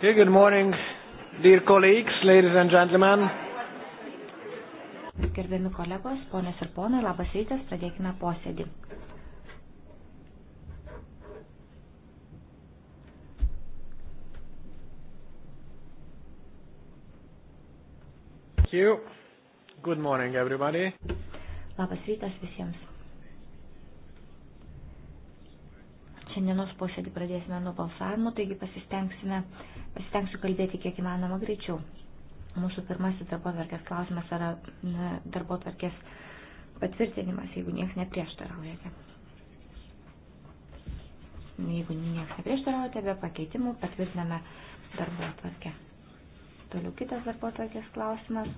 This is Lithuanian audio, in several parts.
Okay, good morning, dear colleagues, ladies and gentlemen. Gerbiami kolegos, ponės ir ponai, labas rytas, pradėkime posėdį. Thank you. Good morning, everybody. Labas rytas visiems. Šiandienos posėdį pradėsime nuo balsavimo, taigi pasistengsime, pasistengsiu kalbėti kiek įmanoma greičiau. Mūsų pirmasis darbo tvarkės klausimas yra darbo tvarkės patvirtinimas, jeigu niekas neprieštaraujate. Jeigu niekas neprieštaraujate, be pakeitimų patvirtiname darbo tvarkę. Toliau kitas darbo tvarkės klausimas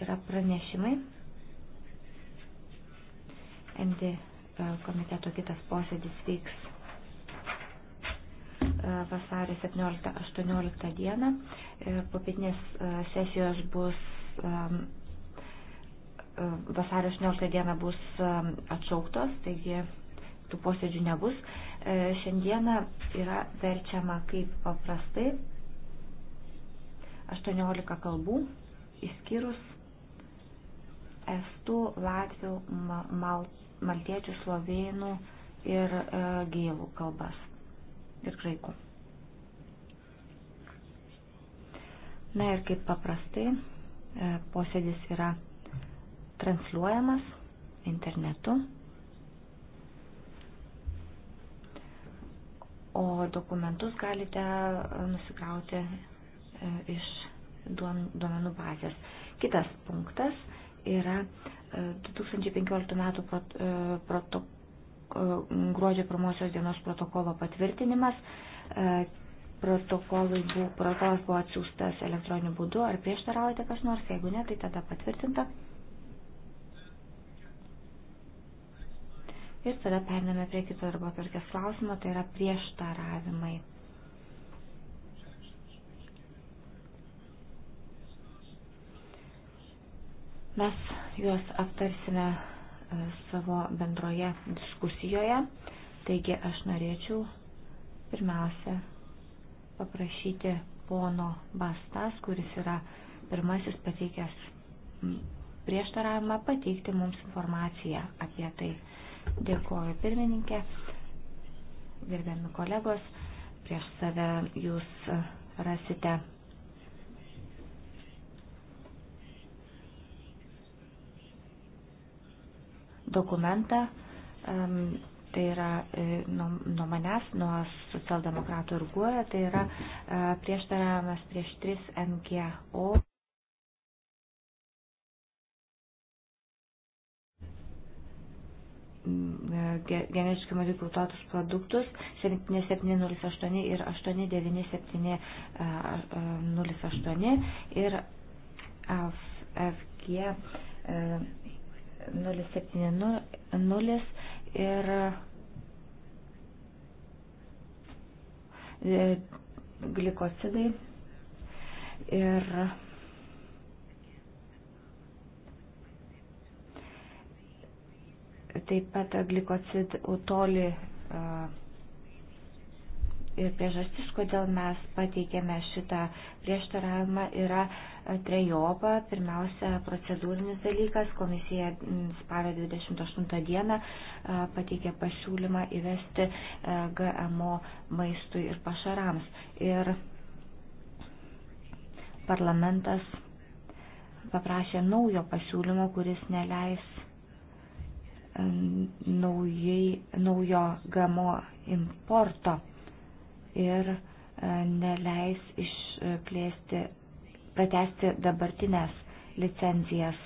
yra pranešimai. MD e, komiteto kitas posėdis vyks vasarį 17-18 dieną. E, Popietinės e, sesijos bus e, vasario 18 dieną bus atšauktos, taigi tų posėdžių nebus. Šiandieną yra verčiama kaip paprastai 18 kalbų, išskyrus estų, latvių, mal, maltiečių, slovėnų ir e, gėlų kalbas ir graikų. Na ir kaip paprastai, e, posėdis yra transliuojamas internetu. O dokumentus galite e, nusikrauti e, iš duomenų bazės. Kitas punktas yra 2015 metų protokolas E, gruodžio pirmosios dienos protokolo patvirtinimas. E, Protokolai buvo, protokolas buvo atsiųstas elektroniniu būdu. Ar prieštaraujate kas nors? Jeigu ne, tai tada patvirtinta. Ir tada periname prie kito darbo tvarkės klausimo, tai yra prieštaravimai. Mes juos aptarsime E, savo bendroje diskusijoje. Taigi aš norėčiau pirmiausia paprašyti pono Bastas, kuris yra pirmasis pateikęs prieštaravimą, pateikti mums informaciją apie tai. Dėkuoju pirmininkė, gerbiami kolegos, prieš save jūs rasite dokumentą. Tai yra e, nuo, nuo manęs, nuo socialdemokratų ir guoja, tai yra e, prieštaravimas prieš 3 MGO. genetiškai modifikuotus produktus 7708 ir 89708 e, ir FG 070 ir e, glikosidai ir taip pat glikocidų toli uh, e, ir priežastis, kodėl mes pateikėme šitą prieštaravimą, yra e, trejopa. Pirmiausia, procedūrinis dalykas. Komisija spalio 28 dieną e, pateikė pasiūlymą įvesti e, GMO maistui ir pašarams. Ir parlamentas paprašė naujo pasiūlymo, kuris neleis naujai, naujo GMO importo ir e, neleis išplėsti, pratesti dabartinės licenzijas.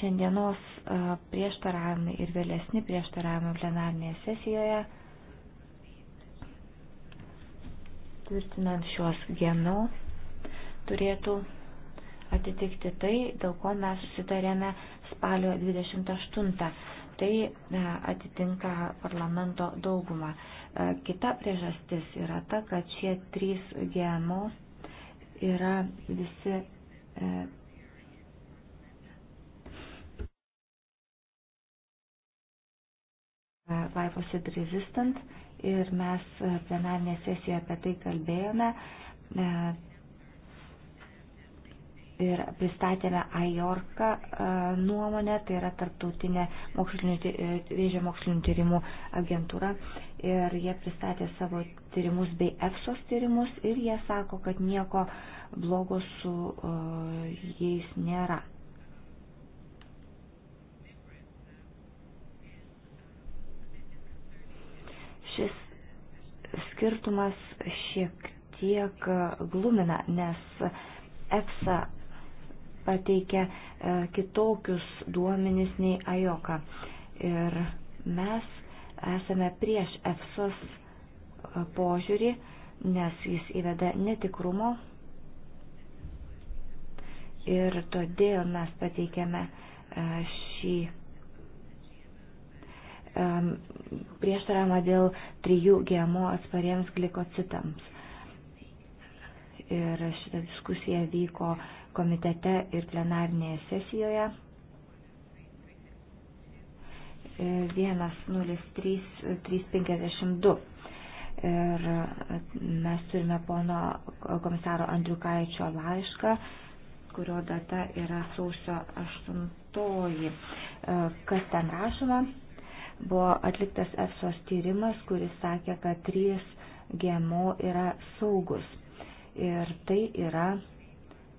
Šiandienos e, prieštaravimai ir vėlesni prieštaravimai plenarnėje sesijoje tvirtinant šiuos genų turėtų atitikti tai, dėl ko mes susitarėme spalio 28. Tai e, atitinka parlamento daugumą. Kita priežastis yra ta, kad šie trys GMO yra visi glyphosate resistant ir mes plenarinėje sesijoje apie tai kalbėjome. E, ir pristatėme AIORKA e, nuomonę, tai yra tarptautinė e, vėžio mokslinių tyrimų agentūra ir jie pristatė savo tyrimus bei EFSOS tyrimus ir jie sako, kad nieko blogo su e, jais nėra. Šis skirtumas šiek tiek glumina, nes EFSA pateikia e, kitokius duomenis nei AJOKA. Ir mes esame prieš EFSOS e, požiūrį, nes jis įveda netikrumo. Ir todėl mes pateikėme e, šį prieštaravimą dėl trijų GMO atspariems glikocitams. Ir šita diskusija vyko komitete ir plenarnėje sesijoje. 103352. E, ir e, mes turime pono komisaro Andriukaičio laišką, kurio data yra sausio 8. E, kas ten rašoma? Buvo atliktas EFSOS tyrimas, kuris sakė, kad 3 GMO yra saugus. Ir tai yra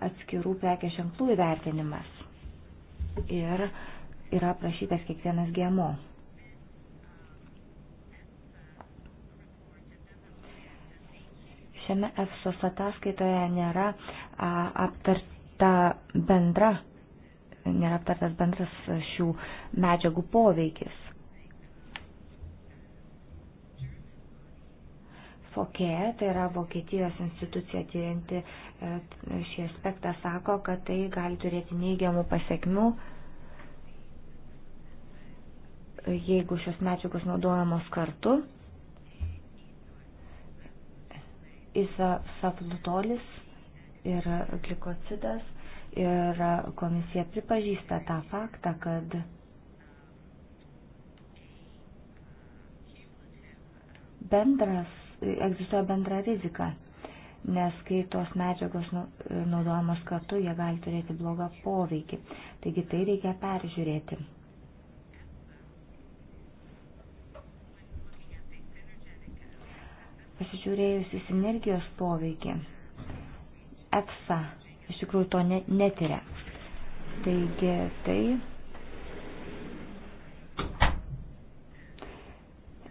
atskirų prekės ženklų įvertinimas. Ir yra aprašytas kiekvienas GMO. Šiame EFSOS ataskaitoje nėra a, aptarta bendra, nėra aptartas bendras šių medžiagų poveikis. Fokė, tai yra Vokietijos institucija tyrinti e, šį aspektą, sako, kad tai gali turėti neigiamų pasiekmių, jeigu šios medžiagos naudojamos kartu. Isaflutolis ir glikocidas ir komisija pripažįsta tą faktą, kad bendras egzistuoja bendra rizika, nes kai tos medžiagos nu, naudojamos kartu, jie gali turėti blogą poveikį. Taigi tai reikia peržiūrėti. Pasižiūrėjus į sinergijos poveikį, EFSA iš tikrųjų to ne, netiria. Taigi tai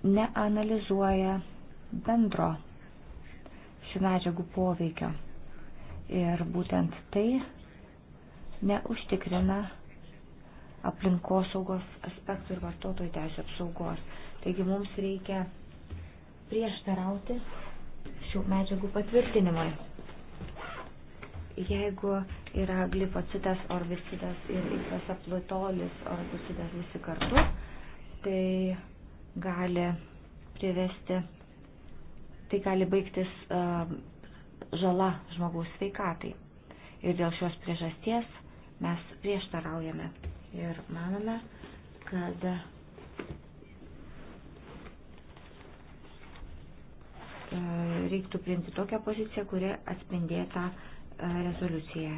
neanalizuoja bendro šių medžiagų poveikio. Ir būtent tai neužtikrina aplinkosaugos aspektų ir vartotojų teisų apsaugos. Taigi mums reikia prieštarauti šių medžiagų patvirtinimui. Jeigu yra glifocitas, orbicidas ir ikasaplotolis, orbicidas visi kartu, tai gali privesti tai gali baigtis um, žala žmogaus sveikatai. Ir dėl šios priežasties mes prieštaraujame ir manome, kad reiktų priimti tokią poziciją, kuri atspindėta e, rezoliucijoje.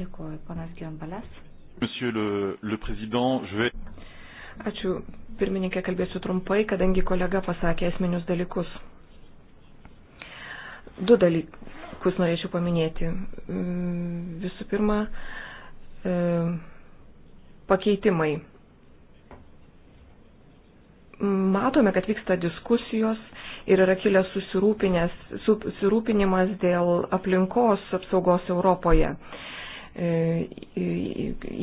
Dėkuoju, ponas Giombalas. Monsieur le, le Président, je vais. Ačiū, pirmininkė, kalbėsiu trumpai, kadangi kolega pasakė esminius dalykus. Du dalykus norėčiau paminėti. Mm, visų pirma, e, pakeitimai. Matome, kad vyksta diskusijos ir yra kilęs susirūpinimas dėl aplinkos apsaugos Europoje. E,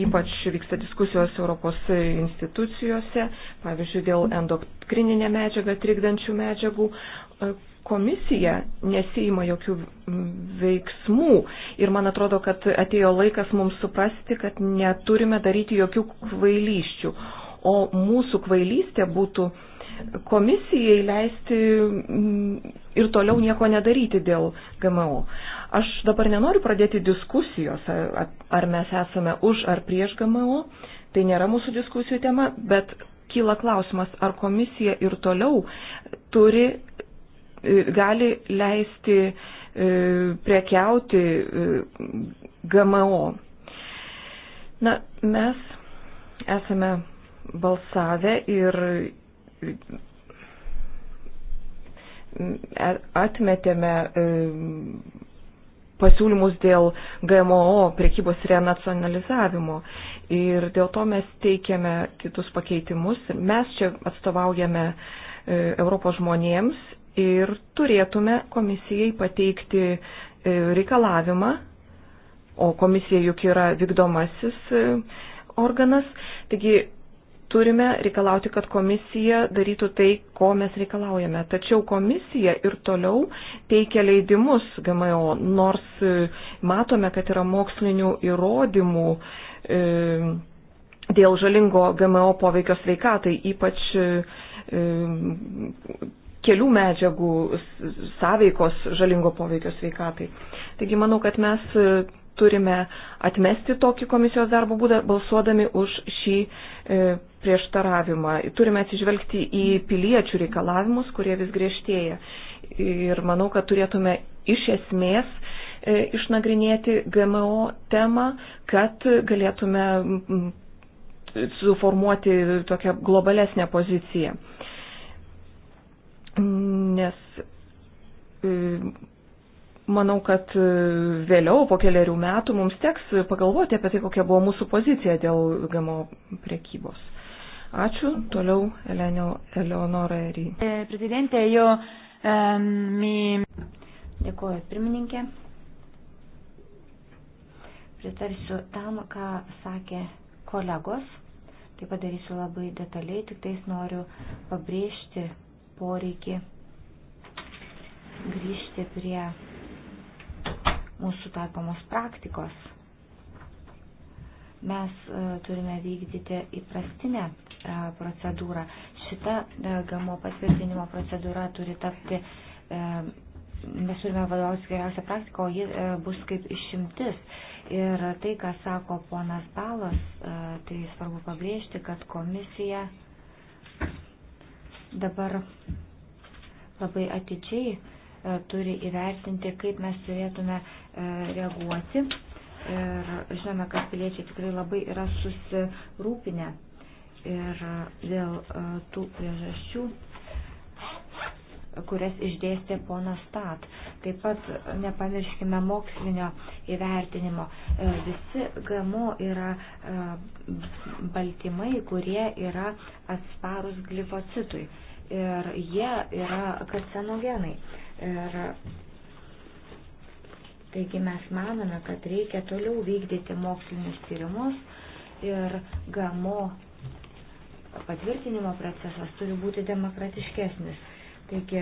ypač vyksta diskusijos Europos institucijose, pavyzdžiui, dėl endokrininę medžiagą, trikdančių medžiagų e, komisija nesijima jokių veiksmų. Ir man atrodo, kad atėjo laikas mums suprasti, kad neturime daryti jokių kvailysčių. O mūsų kvailystė būtų komisijai leisti mm, ir toliau nieko nedaryti dėl GMO. Aš dabar nenoriu pradėti diskusijos, ar mes esame už ar prieš GMO. Tai nėra mūsų diskusijų tema, bet kyla klausimas, ar komisija ir toliau turi gali leisti e, prekiauti e, GMO. Na, mes esame balsavę ir atmetėme e, pasiūlymus dėl GMO priekybos renacionalizavimo. Ir dėl to mes teikiame kitus pakeitimus. Mes čia atstovaujame Europos žmonėms ir turėtume komisijai pateikti e, reikalavimą, o komisija juk yra vykdomasis e, organas, taigi turime reikalauti, kad komisija darytų tai, ko mes reikalaujame. Tačiau komisija ir toliau teikia leidimus GMO, nors e, matome, kad yra mokslinių įrodymų. E, dėl žalingo GMO poveikio sveikatai, ypač e, kelių medžiagų sąveikos žalingo poveikio sveikatai. Taigi manau, kad mes e, turime atmesti tokį komisijos darbo būdą, balsuodami už šį e, prieštaravimą. Turime atsižvelgti į piliečių reikalavimus, kurie vis griežtėja. Ir manau, kad turėtume iš esmės e, išnagrinėti GMO temą, kad galėtume suformuoti tokią globalesnę poziciją. E, nes e, manau, kad e, vėliau po keliarių metų mums teks pagalvoti apie tai, kokia buvo mūsų pozicija dėl GMO priekybos. Ačiū. Toliau Elenio, Eleonora Ery. E, prezidentė, jo mi. Dėkuoju, pirmininkė. Pritarsiu tam, ką sakė kolegos. Tai padarysiu labai detaliai, tik tais noriu pabrėžti, poreikį grįžti prie mūsų taikomos praktikos. Mes e, turime vykdyti įprastinę e, procedūrą. Šita e, GMO patvirtinimo procedūra turi tapti, mes turime vadovautis geriausią praktiką, o ji bus kaip išimtis. Ir tai, ką sako ponas Balas, tai svarbu pabrėžti, kad komisija dabar labai atidžiai e, turi įvertinti, kaip mes turėtume e, reaguoti. Ir žinome, kad piliečiai tikrai labai yra susirūpinę. Ir e, dėl tų priežasčių kurias išdėstė ponas Stat. Taip pat nepamirškime mokslinio įvertinimo. E, visi GMO yra e, baltymai, kurie yra atsparus glifocitui. Ir jie yra karcinogenai. Ir taigi mes manome, kad reikia toliau vykdyti mokslinius tyrimus ir GMO patvirtinimo procesas turi būti demokratiškesnis Taigi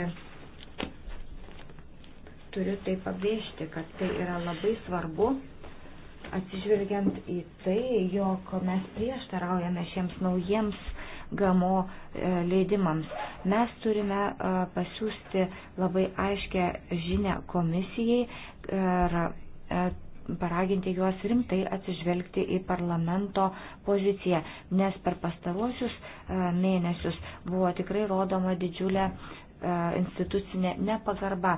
turiu tai pabrėžti, kad tai yra labai svarbu, atsižvelgiant į tai, jog mes prieštaraujame šiems naujiems gamo e, leidimams. Mes turime e, pasiūsti labai aiškę žinę komisijai ir e, paraginti juos rimtai atsižvelgti į parlamento poziciją, nes per pastaruosius mėnesius buvo tikrai rodoma didžiulė E, institucinė nepagarba.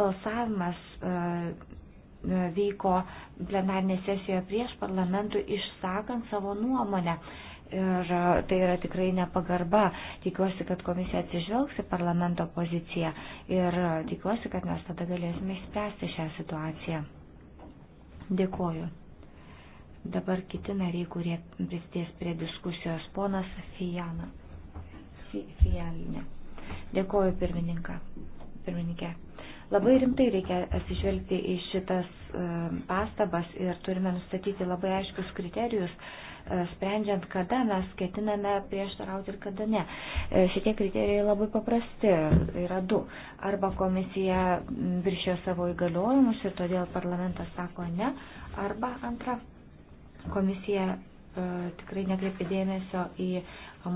Balsavimas e, e, vyko plenarinė sesija prieš parlamentų išsakant savo nuomonę. Ir tai yra tikrai nepagarba. Tikiuosi, kad komisija atsižvelgs į parlamento poziciją ir tikiuosi, kad mes tada galėsime išspręsti šią situaciją. Dėkuoju. Dabar kiti nariai, kurie prisidės prie diskusijos. Ponas Fijana. Fijalinė. Dėkoju pirmininką. Pirmininkė. Labai rimtai reikia atsižvelgti į šitas e, pastabas ir turime nustatyti labai aiškius kriterijus, e, sprendžiant, kada mes ketiname prieštarauti ir kada ne. E, šitie kriterijai labai paprasti yra du. Arba komisija viršė savo įgaliojimus ir todėl parlamentas sako ne, arba antra komisija E, tikrai nekreipia dėmesio į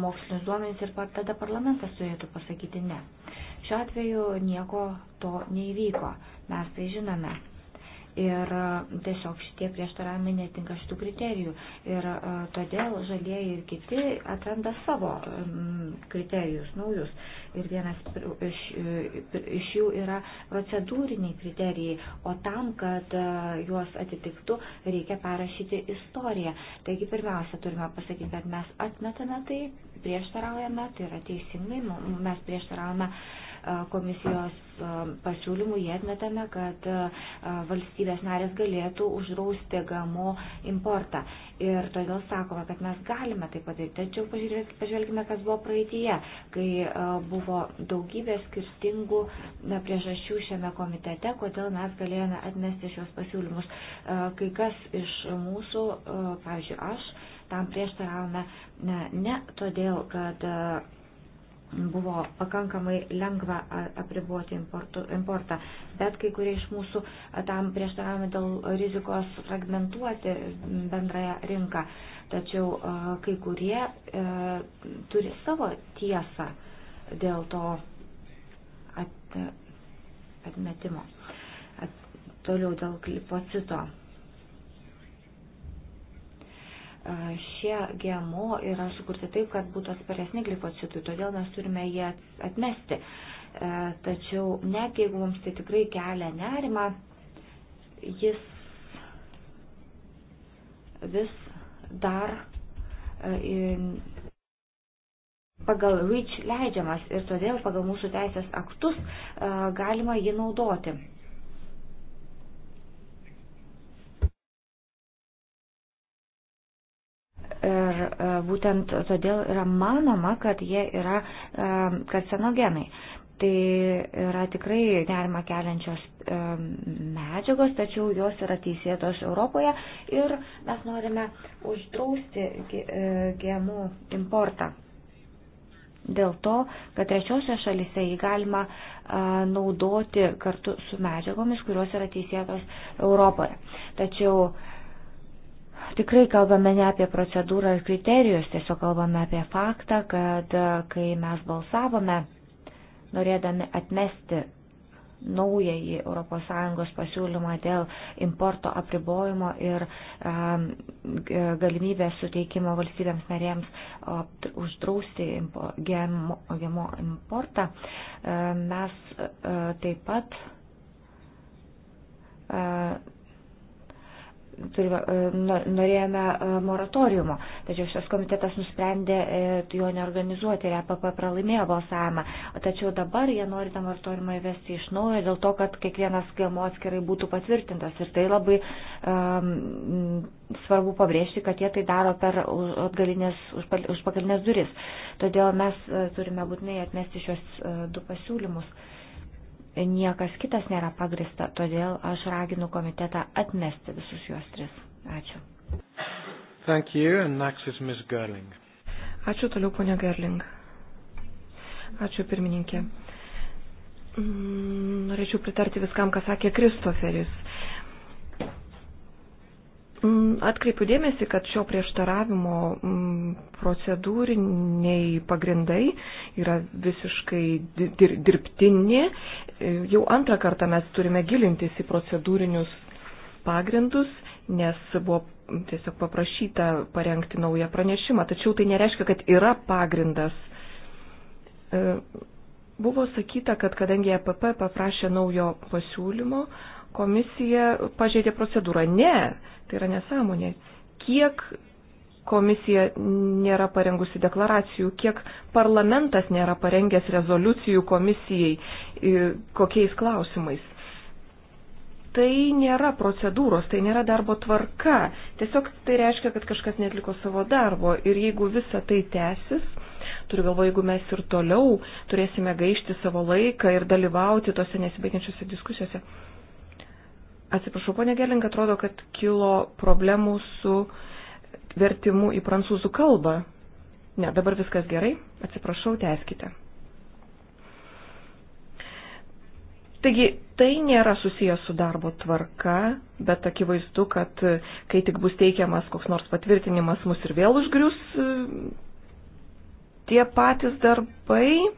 mokslinius duomenys ir tada parlamentas turėtų pasakyti ne. Šiuo atveju nieko to neįvyko. Mes tai žinome. Ir e, tiesiog šitie prieštaravimai netinka šitų kriterijų. Ir e, todėl žalieji ir kiti atranda savo kriterijus naujus. Ir vienas iš, e, iš jų yra procedūriniai kriterijai, o tam, kad juos atitiktų, reikia parašyti istoriją. Taigi pirmiausia, turime pasakyti, kad mes atmetame tai, prieštaraujame, tai yra teisingai, mes prieštaraujame komisijos pasiūlymų, jie atmetame, kad valstybės narės galėtų uždrausti gamo importą. Ir todėl sakome, kad mes galime tai padaryti. Tačiau pažvelgime, kas buvo praeitie, kai buvo daugybė skirtingų priežasčių šiame komitete, kodėl mes galėjome atmesti šios pasiūlymus. Kai kas iš mūsų, pavyzdžiui, aš, tam prieštaravome ne, ne todėl, kad buvo pakankamai lengva apriboti importu, importą, bet kai kurie iš mūsų tam prieštaravome dėl rizikos fragmentuoti bendrąją rinką. Tačiau kai kurie e, turi savo tiesą dėl to at, atmetimo. At, toliau dėl glifocito šie GMO yra sukurti taip, kad būtų atsparesni glifocidui, todėl mes turime jie atmesti. Tačiau net jeigu mums tai tikrai kelia nerima, jis vis dar pagal REACH leidžiamas ir todėl pagal mūsų teisės aktus galima jį naudoti. Ir e, būtent todėl yra manoma, kad jie yra e, karcinogenai. Tai yra tikrai nerima keliančios e, medžiagos, tačiau jos yra teisėtos Europoje ir mes norime uždrausti GMO importą. Dėl to, kad trečiosios šalise jį galima a, naudoti kartu su medžiagomis, kurios yra teisėtos Europoje. Tačiau a, tikrai kalbame ne apie procedūrą ir kriterijus, tiesiog kalbame apie faktą, kad e, kai mes balsavome, norėdami atmesti naująjį ES pasiūlymą dėl importo apribojimo ir um, galimybės suteikimo valstybėms narėms uždrausti impo, GMO, GMO importą, e, mes uh, taip pat uh, turime, e, norėjome e, moratoriumo, tačiau šios komitetas nusprendė e, jo neorganizuoti ir EPP pralaimėjo balsavimą. Tačiau dabar jie nori tą moratoriumą įvesti iš naujo dėl to, kad kiekvienas GMO atskirai būtų patvirtintas. Ir tai labai um, svarbu pabrėžti, kad jie tai daro per užpakalinės duris. Todėl mes turime būtinai atmesti šios du pasiūlymus niekas kitas nėra pagrista, todėl aš raginu komitetą atmesti visus juos tris. Ačiū. Thank you, and next is Ms. Gerling. Ačiū toliau, ponia Gerling. Ačiū pirmininkė. Mm, norėčiau pritarti viskam, ką sakė Kristoferis. Mm, atkreipiu dėmesį, kad šio prieštaravimo mm, procedūriniai pagrindai yra visiškai dirbtini. Jau antrą kartą mes turime gilintis į procedūrinius pagrindus, nes buvo tiesiog paprašyta parengti naują pranešimą. Tačiau tai nereiškia, kad yra pagrindas. E, buvo sakyta, kad kadangi EPP paprašė naujo pasiūlymo, komisija pažeidė procedūrą. Ne, tai yra nesąmonė. Kiek komisija nėra parengusi deklaracijų, kiek parlamentas nėra parengęs rezoliucijų komisijai, kokiais klausimais. Tai nėra procedūros, tai nėra darbo tvarka. Tiesiog tai reiškia, kad kažkas netliko savo darbo. Ir jeigu visa tai tęsis, turiu galvoje, jeigu mes ir toliau turėsime gaišti savo laiką ir dalyvauti tose nesibaigiančiose diskusijose, Atsiprašau, ponė Gelink, atrodo, kad kilo problemų su vertimu į prancūzų kalbą. Ne, dabar viskas gerai. Atsiprašau, tęskite. Taigi, tai nėra susijęs su darbo tvarka, bet akivaizdu, kad kai tik bus teikiamas koks nors patvirtinimas, mus ir vėl užgrius tie patys darbai,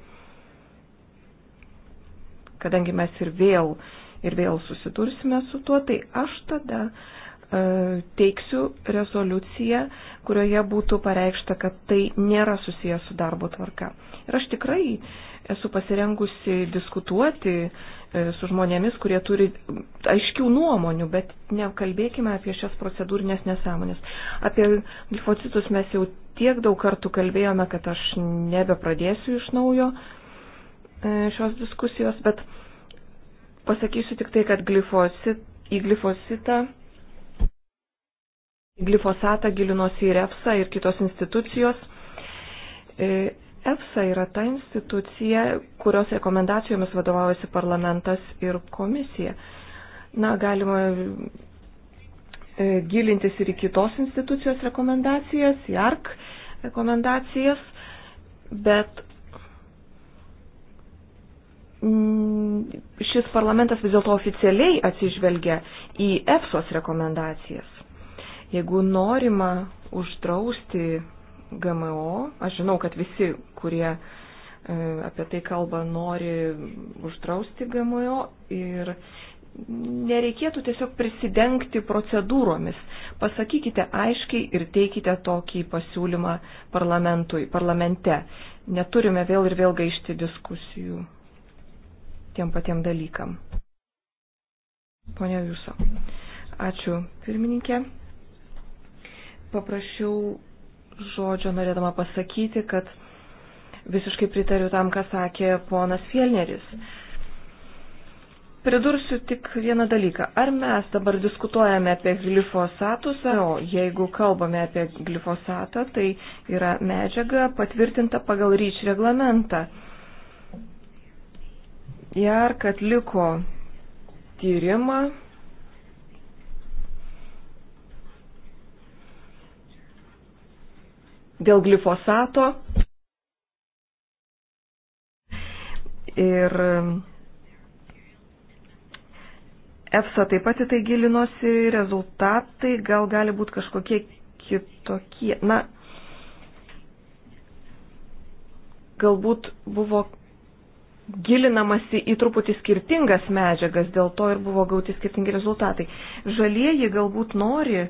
kadangi mes ir vėl uh, ir vėl susitursime su tuo, tai aš tada e, teiksiu rezoliuciją, kurioje būtų pareikšta, kad tai nėra susijęs su darbo tvarka. Ir aš tikrai esu pasirengusi diskutuoti e, su žmonėmis, kurie turi aiškių nuomonių, bet nekalbėkime apie šias procedūrinės nesąmonės. Apie glifocitus mes jau tiek daug kartų kalbėjome, kad aš nebepradėsiu iš naujo e, šios diskusijos, bet Pasakysiu tik tai, kad glifosit, į glifositą, į glifosatą gilinosi ir EFSA ir kitos institucijos. E, EFSA yra ta institucija, kurios rekomendacijomis vadovaujasi parlamentas ir komisija. Na, galima e, gilintis ir į kitos institucijos rekomendacijas, į ARK rekomendacijas, bet Mm, šis parlamentas vis dėlto oficialiai atsižvelgia į EFSOS rekomendacijas. Jeigu norima uždrausti GMO, aš žinau, kad visi, kurie e, apie tai kalba, nori uždrausti GMO ir nereikėtų tiesiog prisidengti procedūromis. Pasakykite aiškiai ir teikite tokį pasiūlymą parlamentui, parlamente. Neturime vėl ir vėl gaišti diskusijų tiem patiem dalykam. Pone Jūso. Ačiū pirmininkė. Paprašiau žodžio norėdama pasakyti, kad visiškai pritariu tam, ką sakė ponas Fielneris. Pridursiu tik vieną dalyką. Ar mes dabar diskutuojame apie glifosatus, o jeigu kalbame apie glifosatą, tai yra medžiaga patvirtinta pagal ryč reglamentą. JAR, kad liko tyrimą. Dėl glifosato ir EFSA taip pat į tai gilinosi, rezultatai gal gali būti kažkokie kitokie. Na, galbūt buvo gilinamasi į truputį skirtingas medžiagas, dėl to ir buvo gauti skirtingi rezultatai. Žalieji galbūt nori e,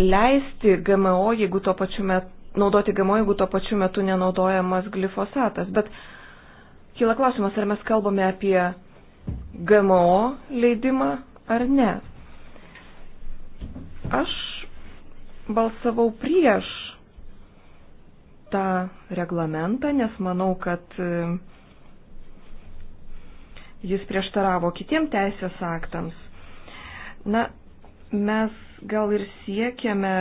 leisti GMO, jeigu tuo pačiu metu, naudoti GMO, jeigu tuo pačiu metu nenaudojamas glifosatas. Bet kyla klausimas, ar mes kalbame apie GMO leidimą ar ne. Aš balsavau prieš reglamentą, nes manau, kad e, jis prieštaravo kitiem teisės aktams. Na, mes gal ir siekiame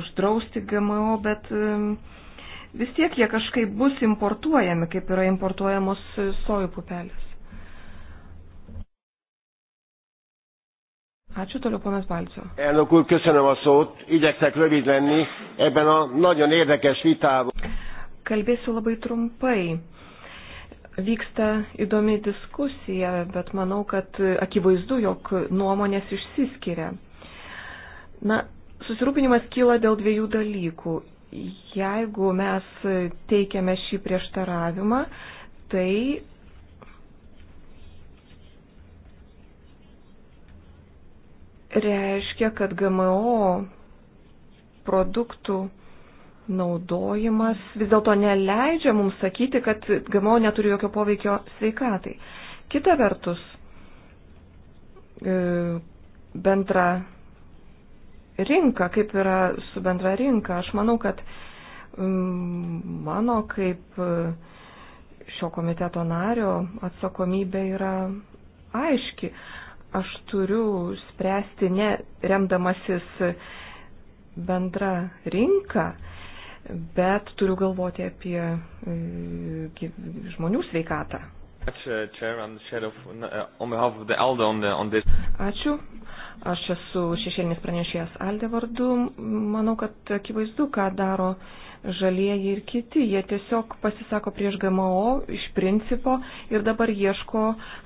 uždrausti GMO, bet e, vis tiek jie kažkaip bus importuojami, kaip yra importuojamos sojų pupelės. Ačiū toliau, ponas Balcio. Elnök úr, köszönöm a szót. Igyekszek rövid lenni ebben a nagyon érdekes vitában. Kalbėsiu labai trumpai. Vyksta įdomi diskusija, bet manau, kad akivaizdu, jog nuomonės išsiskiria. Na, susirūpinimas kyla dėl dviejų dalykų. Jeigu mes teikiame šį prieštaravimą, tai reiškia, kad GMO produktų naudojimas vis dėlto neleidžia mums sakyti, kad GMO neturi jokio poveikio sveikatai. Kita vertus, e, bendra rinka, kaip yra su bendra rinka, aš manau, kad mm, mano kaip e, šio komiteto nario atsakomybė yra aiški. Aš turiu spręsti ne remdamasis bendra rinka, bet turiu galvoti apie e, žmonių sveikatą. E, e, Ačiū. Aš esu šešėlinis pranešėjas Alde vardu. Manau, kad akivaizdu, ką daro uh, žalieji ir kiti. Jie tiesiog pasisako prieš GMO iš principo ir dabar ieško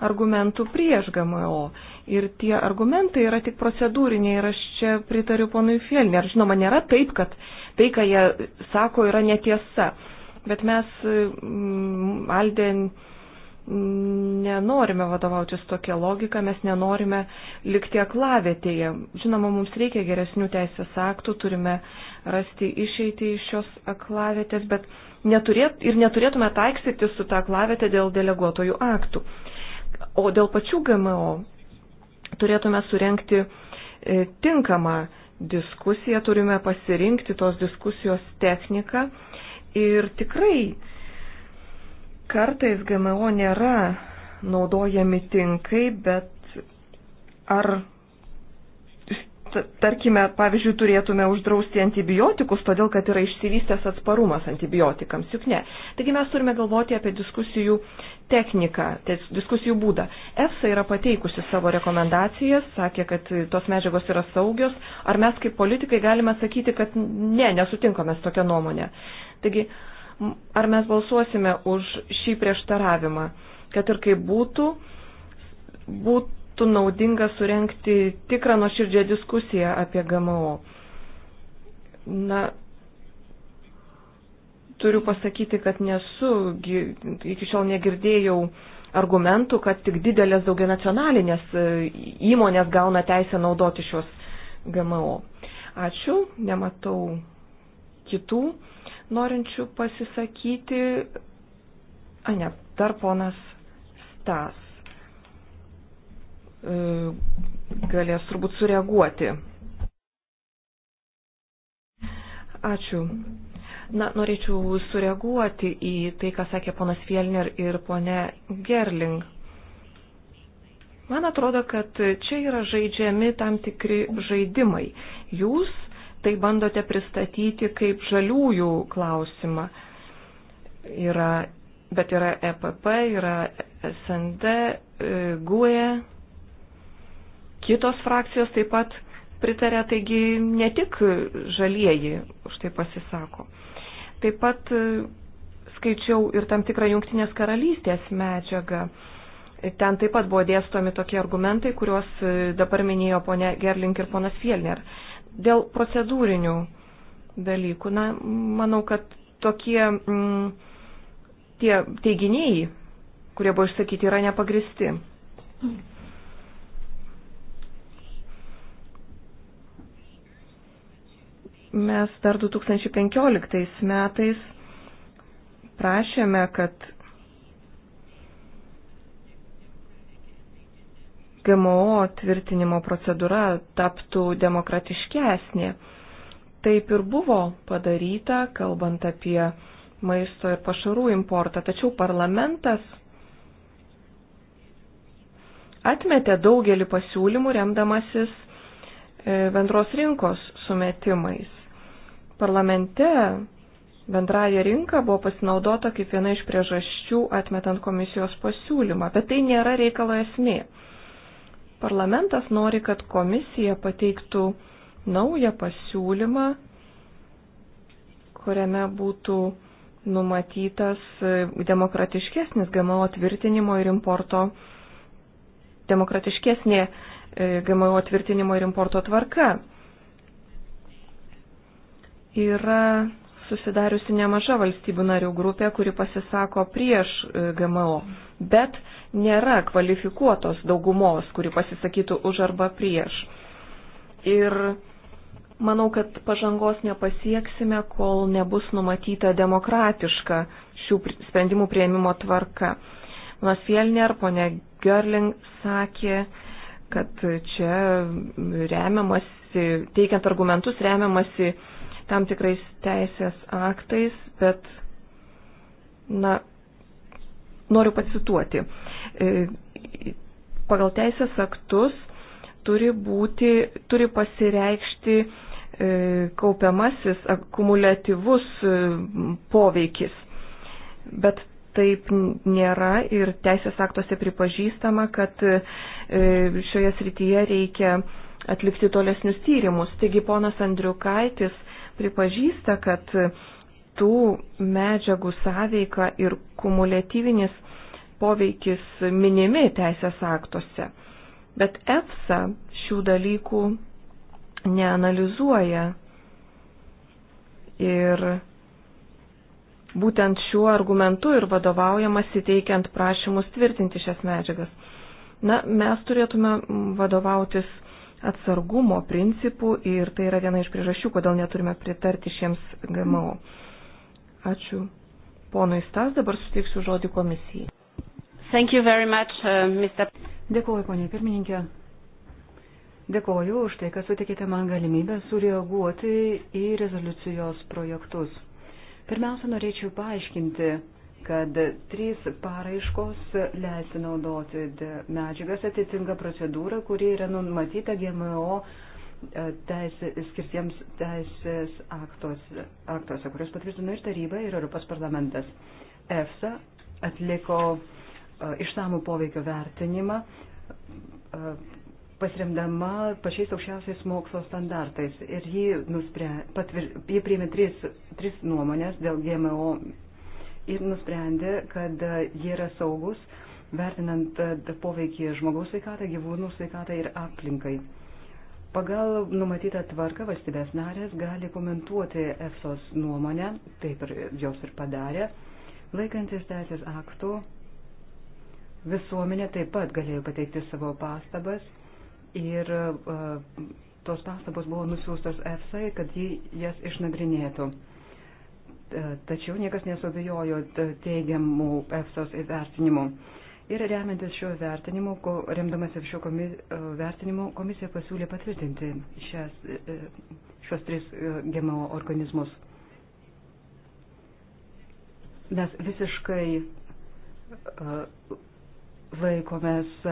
argumentų prieš GMO. Ir tie argumentai yra tik procedūriniai ir aš čia pritariu ponui Fielnė. Ar žinoma, nėra taip, kad tai, ką jie sako, yra netiesa. Bet mes, mm, Alden, nenorime vadovautis tokia logika, mes nenorime likti aklavėtėje. Žinoma, mums reikia geresnių teisės aktų, turime rasti išeitį iš šios aklavėtės, bet neturėt, ir neturėtume taiksyti su tą aklavėtę dėl deleguotojų aktų. O dėl pačių GMO turėtume surenkti e, tinkamą diskusiją, turime pasirinkti tos diskusijos techniką ir tikrai Kartais GMO nėra naudojami tinkai, bet ar, tarkime, pavyzdžiui, turėtume uždrausti antibiotikus, todėl kad yra išsivystęs atsparumas antibiotikams, juk ne. Taigi mes turime galvoti apie diskusijų techniką, tai diskusijų būdą. EFSA yra pateikusi savo rekomendacijas, sakė, kad tos medžiagos yra saugios. Ar mes kaip politikai galime sakyti, kad ne, nesutinkame tokią nuomonę. Taigi, ar mes balsuosime už šį prieštaravimą. Kad ir kaip būtų, būtų naudinga surenkti tikrą nuoširdžią diskusiją apie GMO. Na, turiu pasakyti, kad nesu, iki šiol negirdėjau argumentų, kad tik didelės daugianacionalinės e, įmonės gauna teisę naudoti šios GMO. Ačiū, nematau kitų norinčių pasisakyti. A, ne, dar ponas Stas e, galės turbūt sureaguoti. Ačiū. Na, norėčiau sureaguoti į tai, ką sakė ponas Fielner ir ponė Gerling. Man atrodo, kad čia yra žaidžiami tam tikri žaidimai. Jūs tai bandote pristatyti kaip žaliųjų klausimą. Yra, bet yra EPP, yra SND, GUE, e, kitos frakcijos taip pat pritarė, taigi ne tik žalieji už tai pasisako. Taip pat e, skaičiau ir tam tikrą jungtinės karalystės medžiagą. Ten taip pat buvo dėstomi tokie argumentai, kuriuos e, dabar minėjo ponė Gerling ir ponas Fielner. Dėl procedūrinių dalykų, na, manau, kad tokie m, mm, tie teiginiai, kurie buvo išsakyti, yra nepagristi. Mes dar 2015 metais prašėme, kad PMO tvirtinimo procedūra taptų demokratiškesnė. Taip ir buvo padaryta, kalbant apie maisto ir pašarų importą, tačiau parlamentas atmetė daugelį pasiūlymų remdamasis e, bendros rinkos sumetimais. Parlamente bendraja rinka buvo pasinaudota kaip viena iš priežasčių atmetant komisijos pasiūlymą, bet tai nėra reikalo esmė. Parlamentas nori, kad komisija pateiktų naują pasiūlymą, kuriame būtų numatytas demokratiškesnis GMO tvirtinimo ir importo, demokratiškesnė e, GMO tvirtinimo ir importo tvarka. Yra susidariusi nemaža valstybių narių grupė, kuri pasisako prieš e, GMO, bet nėra kvalifikuotos daugumos, kuri pasisakytų už arba prieš. Ir manau, kad pažangos nepasieksime, kol nebus numatyta demokratiška šių sprendimų prieimimo tvarka. Mas Fielner, ponė Görling sakė, kad čia remiamasi, teikiant argumentus, remiamasi tam tikrais teisės aktais, bet, na, noriu pacituoti. E, pagal teisės aktus turi, būti, turi pasireikšti e, kaupiamasis akumuliatyvus e, poveikis. Bet taip nėra ir teisės aktuose pripažįstama, kad šioje srityje reikia atlikti tolesnius tyrimus. Taigi ponas Andriukaitis pripažįsta, kad tų medžiagų sąveika ir kumuliatyvinis poveikis minimi teisės aktuose. Bet EFSA šių dalykų neanalizuoja. Ir būtent šiuo argumentu ir vadovaujamas įteikiant prašymus tvirtinti šias medžiagas. Na, mes turėtume vadovautis atsargumo principų ir tai yra viena iš priežasčių, kodėl neturime pritarti šiems GMO. Mm. Ačiū. Ponui Stas, dabar suteiksiu žodį komisijai. Thank you very much, uh, Mr. Dėkuoju, ponė pirmininkė. Dėkuoju už tai, kad sutikėte man galimybę sureaguoti į rezoliucijos projektus. Pirmiausia, norėčiau paaiškinti, kad trys paraiškos leisti naudoti medžiagas atitinka procedūrą, kuri yra numatyta GMO teisė, skirtiems teisės aktos, aktuose, kurios patvirtino ir taryba, ir Europos parlamentas. EFSA atliko e, išsamų poveikio vertinimą, e, pasiremdama pačiais aukščiausiais mokslo standartais. Ir ji, nusprė, patvir, ji priėmė tris, tris nuomonės dėl GMO ir nusprendė, kad e, jie yra saugus, vertinant poveikį žmogaus sveikatą, gyvūnų sveikatą ir aplinkai. Pagal numatytą tvarką valstybės narės gali komentuoti EFSOS nuomonę, taip ir jos ir padarė, laikantis teisės aktų. Visuomenė taip pat galėjo pateikti savo pastabas ir uh, tos pastabos buvo nusiųstos EFSA, kad ji jas išnagrinėtų. E, tačiau niekas nesubijojo teigiamų EFSOS įvertinimų. Ir remiantis šio vertinimu, remdamasis šio komis, e, vertinimu, komisija pasiūlė patvirtinti šias, e, e, šios tris GMO organizmus. Mes visiškai laikomės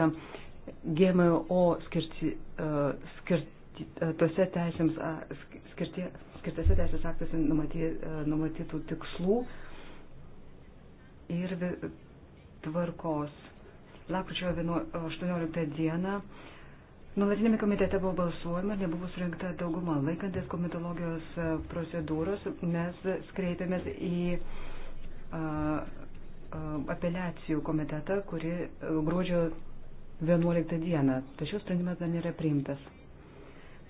GMO skirti, skirti, tose teisėms skirti, skirtose teisės aktuose numaty, numatytų tikslų ir tvarkos lapkričio 18 dieną Nuolatinėme komitete buvo balsuojama, nebuvo surinkta dauguma. Laikantis komitologijos e, procedūros mes skreipėmės į a, a, apeliacijų komitetą, kuri e, gruodžio 11 dieną. Tačiau sprendimas dar nėra priimtas.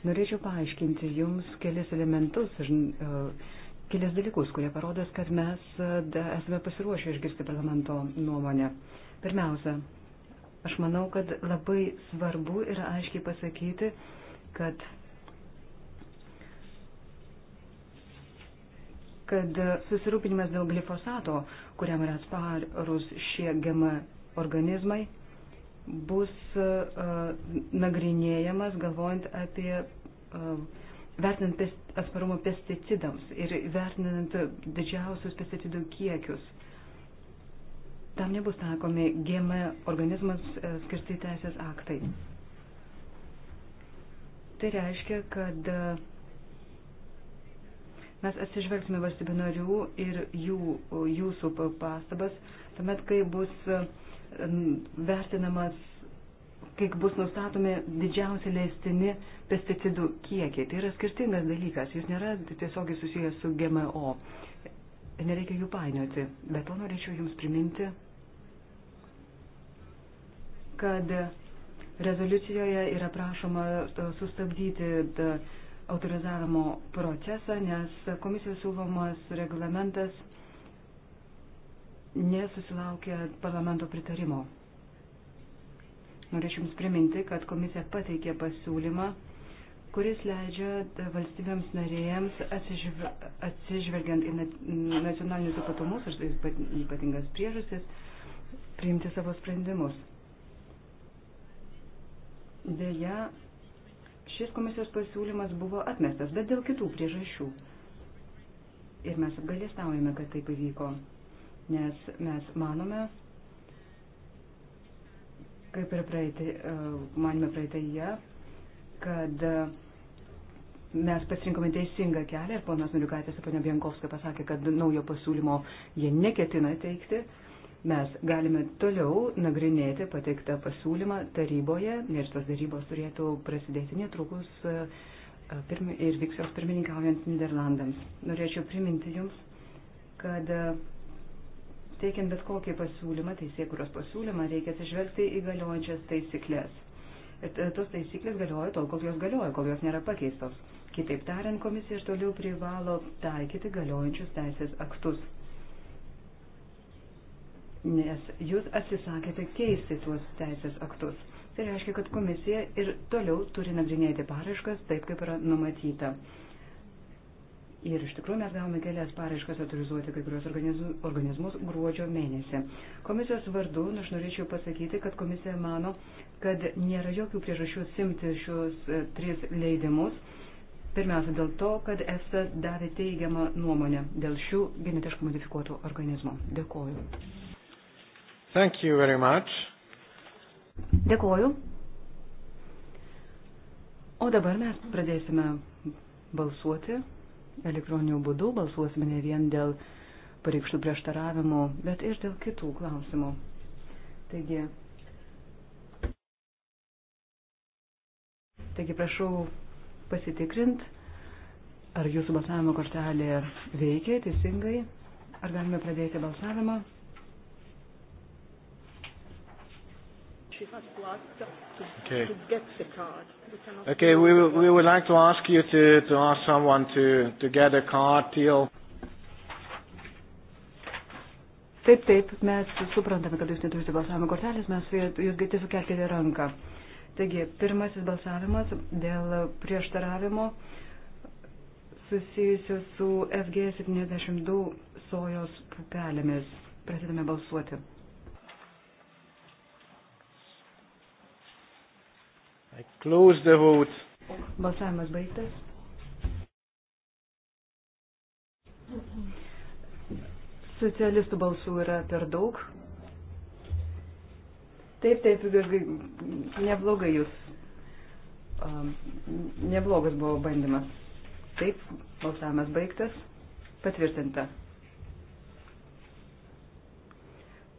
Norėčiau paaiškinti Jums kelis elementus, e, kelis dalykus, kurie parodos, kad mes esame pasiruošę išgirsti parlamento nuomonę. Pirmiausia, Aš manau, kad labai svarbu yra aiškiai pasakyti, kad, kad susirūpinimas dėl glifosato, kuriam yra atsparus šie GM organizmai, bus uh, nagrinėjamas galvojant apie uh, vertinant pest, atsparumą pesticidams ir vertinant didžiausius pesticidų kiekius tam nebus taikomi GM organizmas e, skirti teisės aktai. Tai reiškia, kad e, mes atsižvelgsime valstybių narių ir jų, jūsų pastabas, tuomet, kai bus e, vertinamas, kai bus nustatomi didžiausi leistini pesticidų kiekiai. Tai yra skirtingas dalykas, jis nėra tiesiogiai susijęs su GMO. Nereikia jų painioti, bet to norėčiau Jums priminti kad rezoliucijoje yra prašoma e, sustabdyti e, autorizavimo procesą, nes komisijos siūlomas reglamentas nesusilaukė parlamento pritarimo. Norėčiau Jums priminti, kad komisija pateikė pasiūlymą, kuris leidžia valstybėms narėjams atsižvelgiant į nacionalinius ypatumus ir ypatingas priežastis priimti savo sprendimus. Deja, šis komisijos pasiūlymas buvo atmestas, bet dėl kitų priežasčių. Ir mes apgalėstaujame, kad tai pavyko, nes mes manome, kaip ir praeitį, e, manime praeitėje, kad e, mes pasirinkome teisingą kelią ir ponas Miliukaitis ir ponia Bienkovska pasakė, kad naujo pasiūlymo jie neketina teikti mes galime toliau nagrinėti pateiktą pasiūlymą taryboje ir tos darybos turėtų prasidėti netrukus e, ir vyks jos pirmininkaujant Niderlandams. Norėčiau priminti Jums, kad e, teikiant bet kokį pasiūlymą, teisėkuros pasiūlymą, reikia atsižvelgti į galiojančias taisyklės. Ir e, tos taisyklės galioja tol, kol jos galioja, kol jos nėra pakeistos. Kitaip tariant, komisija ir toliau privalo taikyti galiojančius teisės aktus nes jūs atsisakėte keisti tuos teisės aktus. Tai reiškia, kad komisija ir toliau turi nagrinėti paraiškas taip, kaip yra numatyta. Ir iš tikrųjų mes gavome kelias paraiškas autorizuoti kai kurios organizmus gruodžio mėnesį. Komisijos vardu aš norėčiau pasakyti, kad komisija mano, kad nėra jokių priežasčių simti šios e, tris leidimus. Pirmiausia, dėl to, kad EFSA davė teigiamą nuomonę dėl šių genetiškai modifikuotų organizmų. Dėkuoju. Thank you very much. Dėkuoju. O dabar mes pradėsime balsuoti elektroniniu būdu, balsuosime ne vien dėl pareikštų prieštaravimų, bet ir dėl kitų klausimų. Taigi, taigi prašau pasitikrint, ar jūsų balsavimo kortelė veikia teisingai, ar galime pradėti balsavimą. she has to ask to, okay. to get the card. We okay, we, will, we would like to ask you to, to ask someone to, to get a card till. Taip, taip, mes suprantame, kad jūs neturite balsavimo kortelės, mes jūs tiesiog kelkite ranką. Taigi, pirmasis balsavimas dėl prieštaravimo susijusio su FG72 sojos pupelėmis. Pradedame balsuoti. I close the vote. Balsavimas baigtas. Socialistų balsų yra per daug. Taip, taip, neblogai jūs. Um, neblogas buvo bandymas. Taip, balsavimas baigtas. Patvirtinta.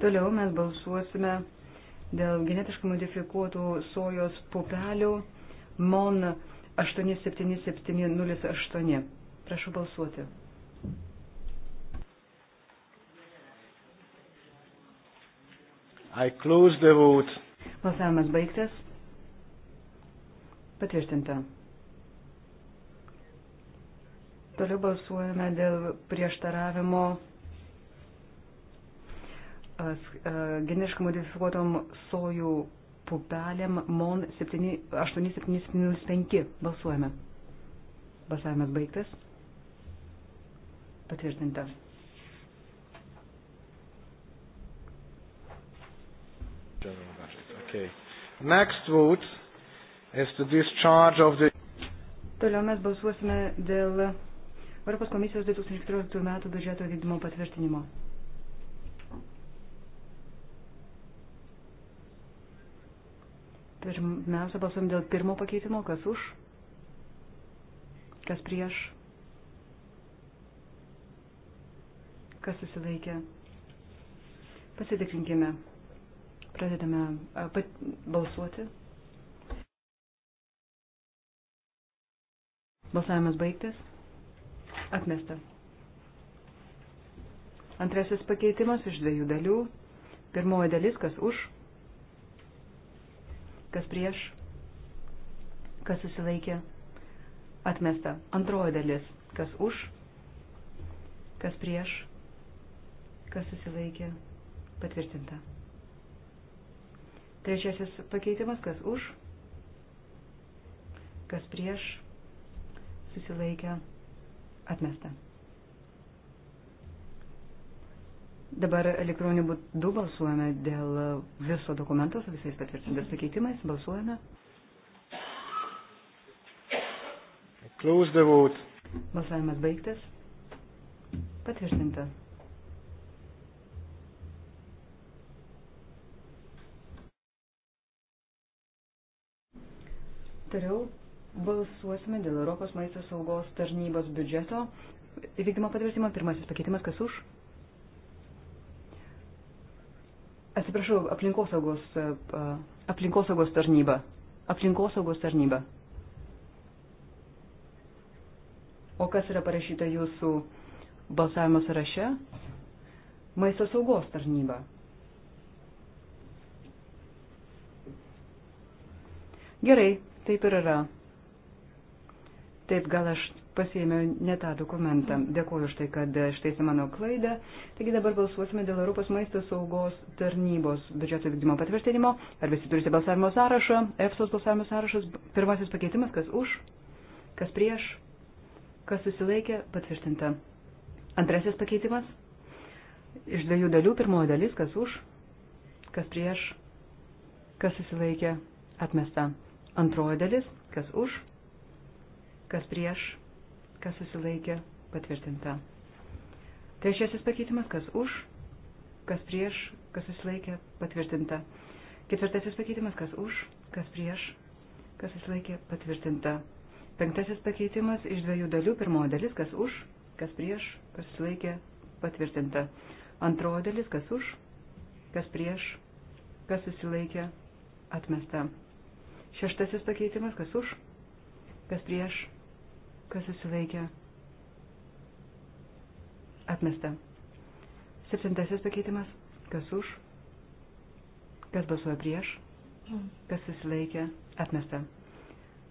Toliau mes balsuosime dėl genetiškai modifikuotų sojos pupelių MON 877008. Prašau balsuoti. I close the vote. Balsavimas baigtas. Patvirtinta. Toliau balsuojame dėl prieštaravimo E, geniškai modifikuotom sojų pupelėm MON 8775. Balsuojame. Balsavimas baigtas. Patvirtinta. Okay. Next vote is the discharge of the. Toliau mes balsuosime dėl Europos komisijos 2014 metų biudžeto vykdymo patvirtinimo. Pirmiausia, balsuom dėl pirmo pakeitimo, kas už, kas prieš, kas susilaikė. Pasitikrinkime. Pradedame a, pat, balsuoti. Balsavimas baigtas. Atmesta. Antrasis pakeitimas iš dviejų dalių. Pirmoji dalis, kas už, kas prieš, kas susilaikė, atmesta. Antroji dalis, kas už, kas prieš, kas susilaikė, patvirtinta. Trečiasis pakeitimas, kas už, kas prieš, susilaikė, atmesta. Dabar elektroniniu būdu balsuojame dėl viso dokumento su visais patvirtintais pakeitimais. Balsuojame. Close the vote. Balsavimas baigtas. Patvirtinta. Toliau balsuosime dėl Europos maisto saugos tarnybos biudžeto įvykdymo patvirtinimo. Pirmasis pakeitimas, kas už? atsiprašau, aplinkosaugos, e, e, aplinkosaugos tarnyba. Aplinkosaugos tarnyba. O kas yra parašyta jūsų balsavimo sąraše? Maisto saugos tarnyba. Gerai, taip ir yra. Taip gal aš pasiėmė ne tą dokumentą. Dėkuoju už tai, kad ištaisė mano klaidą. Taigi dabar balsuosime dėl Europos maisto saugos tarnybos biudžeto vykdymo patvirtinimo. Ar visi turite balsavimo sąrašą? EFSOS balsavimo sąrašas. Pirmasis pakeitimas, kas už, kas prieš, kas susilaikė, patvirtinta. Antrasis pakeitimas. Iš dviejų dalių. Pirmoji dalis, kas už, kas prieš, kas susilaikė, atmesta. Antroji dalis, kas už, kas prieš, kas susilaikė, patvirtinta. Trečiasis pakeitimas, kas už, kas prieš, kas susilaikė, patvirtinta. Ketvirtasis pakeitimas, kas už, kas prieš, kas susilaikė, patvirtinta. Penktasis pakeitimas iš dviejų dalių. Pirmoji dalis, kas už, kas prieš, kas susilaikė, patvirtinta. Antroji dalis, kas už, kas prieš, kas susilaikė, atmesta. Šeštasis pakeitimas, kas už, kas prieš, kas susilaikė, atmesta. Septintasis pakeitimas, kas už, kas balsuoja prieš, kas susilaikė, atmesta.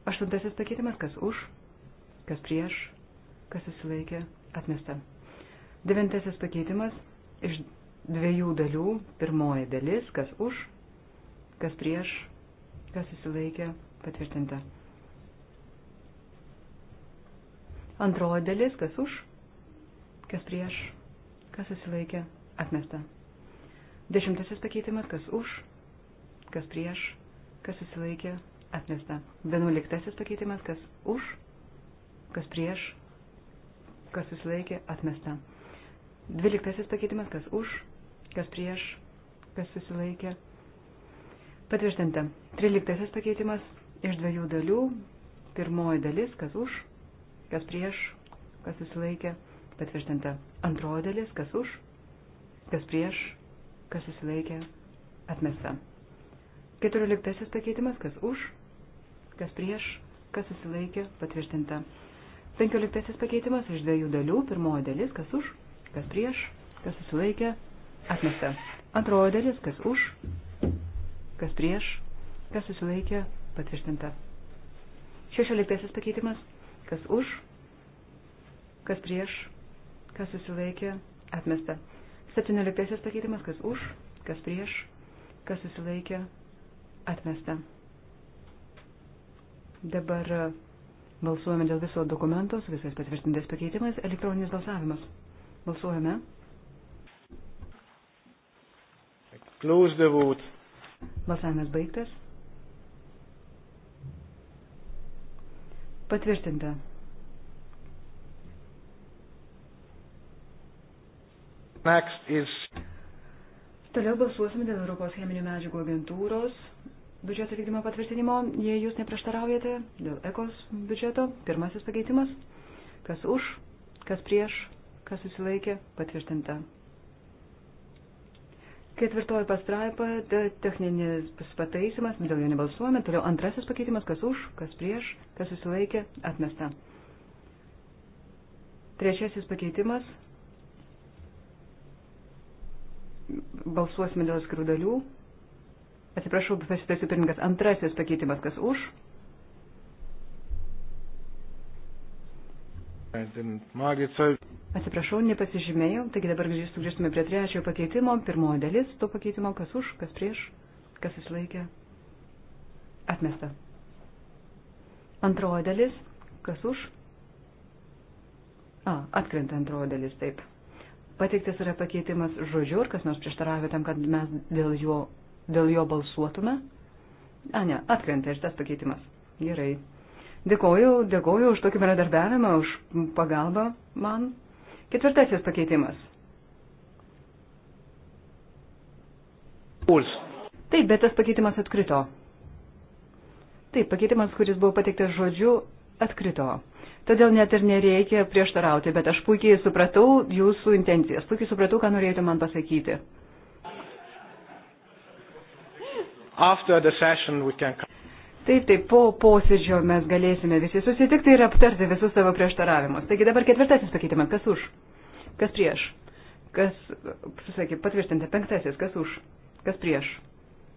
Aštuntasis pakeitimas, kas už, kas prieš, kas susilaikė, atmesta. Devintasis pakeitimas iš dviejų dalių, pirmoji dalis, kas už, kas prieš, kas susilaikė, patvirtinta. Antroji dalis, kas už, kas prieš, kas susilaikė, atmesta. Dešimtasis pakeitimas, kas už, kas prieš, kas susilaikė, atmesta. Vienuoliktasis pakeitimas, kas už, kas prieš, kas susilaikė, atmesta. Dvyliktasis pakeitimas, kas už, kas prieš, kas susilaikė. Patvirtinta. Tryliktasis pakeitimas iš dviejų dalių. Pirmoji dalis, kas už, kas prieš, kas susilaikė, patvirtinta. Antroji dalis, kas už, kas prieš, kas susilaikė, atmesta. Keturioliktasis pakeitimas, kas už, kas prieš, kas susilaikė, patvirtinta. Penkioliktasis pakeitimas iš dviejų dalių, pirmoji dalis, kas už, kas prieš, kas susilaikė, atmesta. Antroji dalis, kas už, kas prieš, kas susilaikė, patvirtinta. Šešioliktasis pakeitimas, Kas už, kas prieš, kas susilaikė, atmesta. 17 pakeitimas, kas už, kas prieš, kas susilaikė, atmesta. Dabar e, balsuojame dėl viso dokumento su visais patvirtintais pakeitimais elektroninis balsavimas. Balsuojame. Close the vote. Balsavimas baigtas. Patvirtinta. Next is... Toliau balsuosime dėl Europos cheminių medžiagų agentūros biudžeto vykdymo patvirtinimo, jei jūs neprieštaraujate, dėl ekos biudžeto, pirmasis pakeitimas, kas už, kas prieš, kas susilaikė, patvirtinta. Ketvirtoji pastraipa, techninis pataisimas, dėl jo nebalsuojame. Toliau antrasis pakeitimas, kas už, kas prieš, kas susilaikė, atmesta. Trečiasis pakeitimas, balsuosime dėl skirų dalių. Atsiprašau, pasitaisiu pirmininkas, antrasis pakeitimas, kas už. Atsiprašau, nepasižymėjau, taigi dabar sugrįžtume prie trečiojo pakeitimo, pirmoji dalis to pakeitimo, kas už, kas prieš, kas susilaikė, atmesta. Antroji dalis, kas už, a, atkrenta antroji dalis, taip. Pateiktas yra pakeitimas žodžiu, ar kas nors prieštaravė tam, kad mes dėl jo, dėl jo balsuotume. A, ne, atkrenta ir tas pakeitimas. Gerai. Dėkoju, dėkoju už tokį bendradarbiavimą, už pagalbą man. Ketvirtasis pakeitimas. Puls. Taip, bet tas pakeitimas atkrito. Taip, pakeitimas, kuris buvo pateiktas žodžiu, atkrito. Todėl net ir nereikia prieštarauti, bet aš puikiai supratau jūsų intencijas, puikiai supratau, ką norėjote man pasakyti. Can... Taip, taip, po posėdžio mes galėsime visi susitikti ir aptarti visus savo prieštaravimus. Taigi dabar ketvirtasis pakeitimas. Kas už? Kas prieš? Kas, susakė, patvirtinti. Penktasis. Kas už? Kas prieš?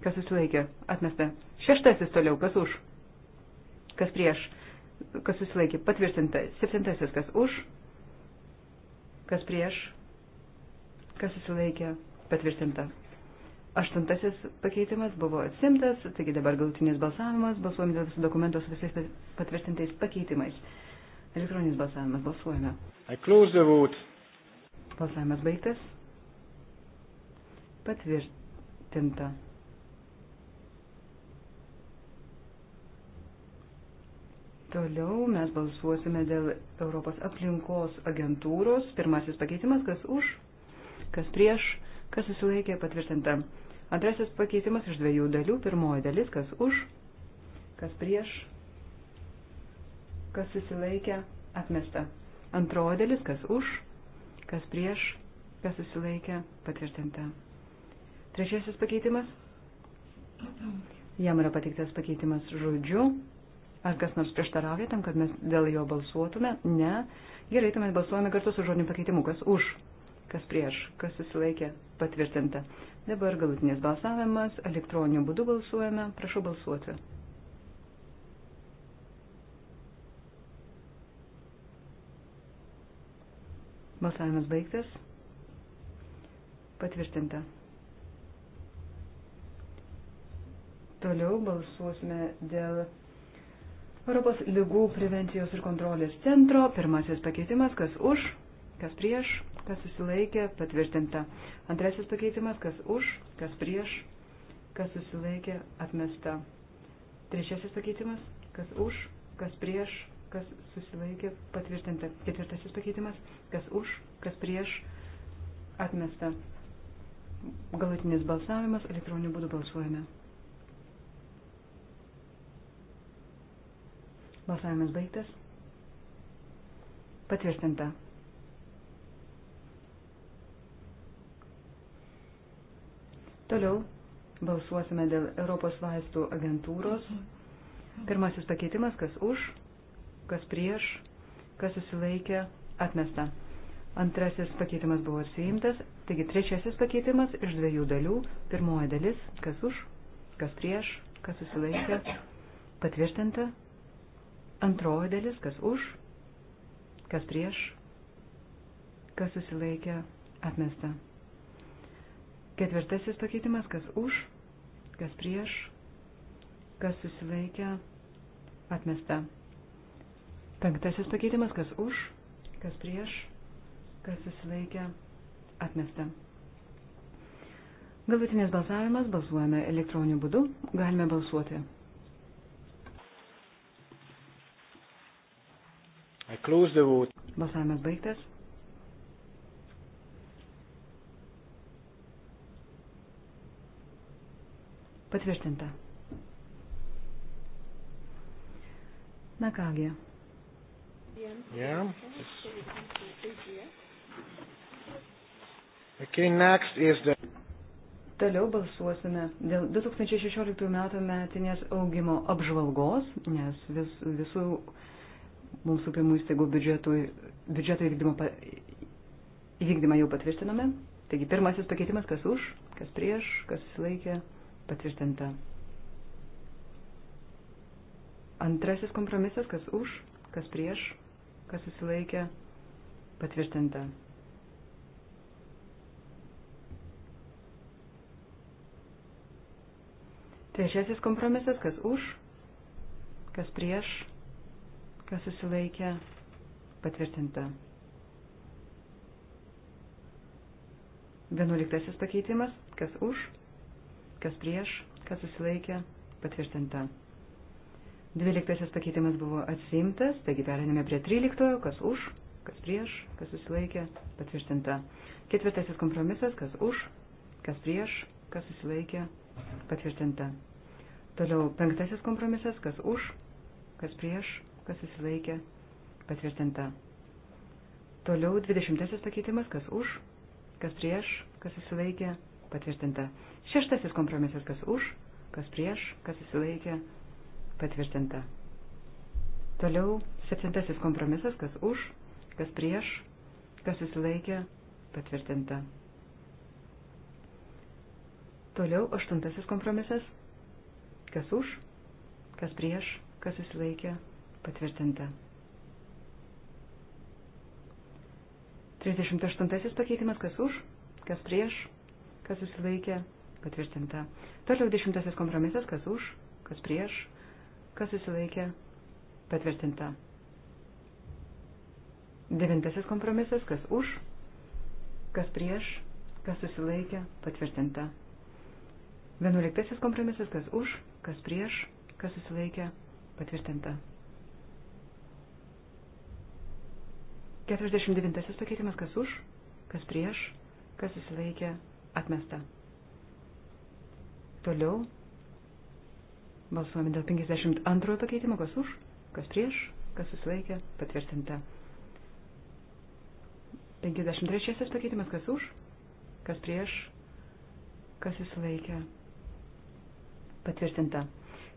Kas susilaikė? Atmesta. Šeštasis toliau. Kas už? Kas prieš? Kas susilaikė? Patvirtinta. Septintasis. Kas už? Kas prieš? Kas susilaikė? Patvirtinta. Aštuntasis pakeitimas buvo atsimtas, taigi dabar galutinis balsavimas, balsuojame dėl visų dokumentų su visais patvirtintais pakeitimais. Elektroninis balsavimas, balsuojame. Balsavimas baigtas. Patvirtinta. Toliau mes balsuosime dėl Europos aplinkos agentūros. Pirmasis pakeitimas, kas už, kas prieš kas susilaikė patvirtinta. Antrasis pakeitimas iš dviejų dalių. Pirmoji dalis, kas už, kas prieš, kas susilaikė atmesta. Antroji dalis, kas už, kas prieš, kas susilaikė patvirtinta. Trečiasis pakeitimas. Jam yra pateiktas pakeitimas žodžiu. Ar kas nors prieštarauja tam, kad mes dėl jo balsuotume? Ne. Gerai, tuomet balsuojame kartu su žodiniu pakeitimu. Kas už? kas prieš, kas susilaikė, patvirtinta. Dabar galutinės balsavimas, elektroniniu būdu balsuojame, prašau balsuoti. Balsavimas baigtas. Patvirtinta. Toliau balsuosime dėl Europos lygų prevencijos ir kontrolės centro. Pirmasis pakeitimas, kas už, kas prieš, kas susilaikė, patvirtinta. Antrasis pakeitimas, kas už, kas prieš, kas susilaikė, atmesta. Trečiasis pakeitimas, kas už, kas prieš, kas susilaikė, patvirtinta. Ketvirtasis pakeitimas, kas už, kas prieš, atmesta. Galutinis balsavimas, elektroniniu būdu balsuojame. Balsavimas baigtas. Patvirtinta. Toliau balsuosime dėl Europos vaistų agentūros. Pirmasis pakeitimas, kas už, kas prieš, kas susilaikė, atmesta. Antrasis pakeitimas buvo atsiimtas, taigi trečiasis pakeitimas iš dviejų dalių. Pirmoji dalis, kas už, kas prieš, kas susilaikė, patvirtinta. Antroji dalis, kas už, kas prieš, kas susilaikė, atmesta. Ketvirtasis pakeitimas, kas už, kas prieš, kas susilaikę, atmesta. Penktasis pakeitimas, kas už, kas prieš, kas susilaikę, atmesta. Galutinės balsavimas balsuojame elektroniniu būdu, galime balsuoti. Balsavimas baigtas. Patvirtinta. Na kągi. Yeah. Okay, next is the... Toliau balsuosime dėl 2016 metų metinės augimo apžvalgos, nes vis, visų mums supimų įstaigų biudžeto įvykdymą, įvykdymą jau patvirtiname. Taigi pirmasis pakeitimas, kas už, kas prieš, kas silaikė, patvirtinta. Antrasis kompromisas, kas už, kas prieš, kas susilaikė, patvirtinta. Trečiasis kompromisas, kas už, kas prieš, kas susilaikė, patvirtinta. Vienuoliktasis pakeitimas, kas už, kas prieš, kas susilaikė, patvirtinta. Dvyliktasis pakeitimas buvo atsimtas, taigi periname prie tryliktojo, kas už, kas prieš, kas susilaikė, patvirtinta. Ketvirtasis kompromisas, kas už, kas prieš, kas susilaikė, patvirtinta. Toliau penktasis kompromisas, kas už, kas prieš, kas susilaikė, patvirtinta. Toliau dvidešimtasis pakeitimas, kas už, kas prieš, kas susilaikė, patvirtinta patvirtinta. Šeštasis kompromisas, kas už, kas prieš, kas susilaikė, patvirtinta. Toliau septintasis kompromisas, kas už, kas prieš, kas susilaikė, patvirtinta. Toliau aštuntasis kompromisas, kas už, kas prieš, kas susilaikė, patvirtinta. 38 pakeitimas, kas už, kas prieš, kas susilaikė, patvirtinta. Toliau dešimtasis kompromisas, kas už, kas prieš, kas susilaikė, patvirtinta. Devintasis kompromisas, kas už, kas prieš, kas susilaikė, patvirtinta. Vienuoliktasis kompromisas, kas už, kas prieš, kas susilaikė, patvirtinta. 49 pakeitimas, kas už, kas prieš, kas susilaikė, atmesta. Toliau balsuojame dėl 52 pakeitimo, kas už, kas prieš, kas susilaikė, patvirtinta. 53 pakeitimas, kas už, kas prieš, kas susilaikė, patvirtinta.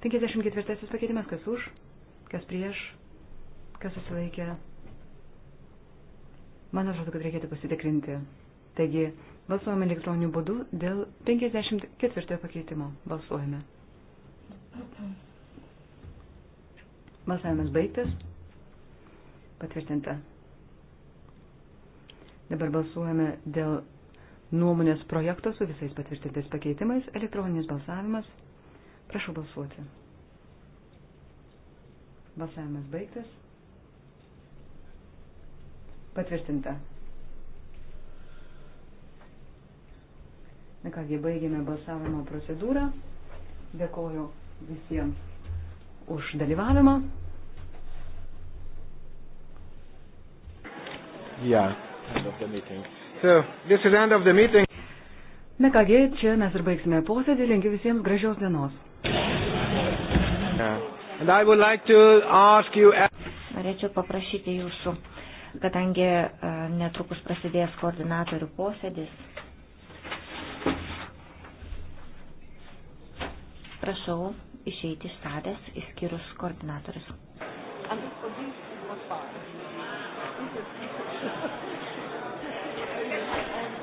54 pakeitimas, kas už, kas prieš, kas susilaikė. Man atrodo, kad reikėtų pasitikrinti. Taigi, Balsuojame elektroniniu būdu dėl 54 pakeitimo. Balsuojame. Balsavimas baigtas. Patvirtinta. Dabar balsuojame dėl nuomonės projekto su visais patvirtintais pakeitimais. Elektroninis balsavimas. Prašau balsuoti. Balsavimas baigtas. Patvirtinta. Na kągi, baigėme balsavimo procedūrą. Dėkoju visiems už dalyvavimą. Yeah, end of the meeting. So, this is end of the meeting. Na kągi, čia mes ir baigsime posėdį, linkiu visiems gražios dienos. Yeah. Like you... Norėčiau paprašyti jūsų, kadangi e, netrukus prasidės koordinatorių posėdis. prašau išeiti iš salės, išskyrus koordinatorius.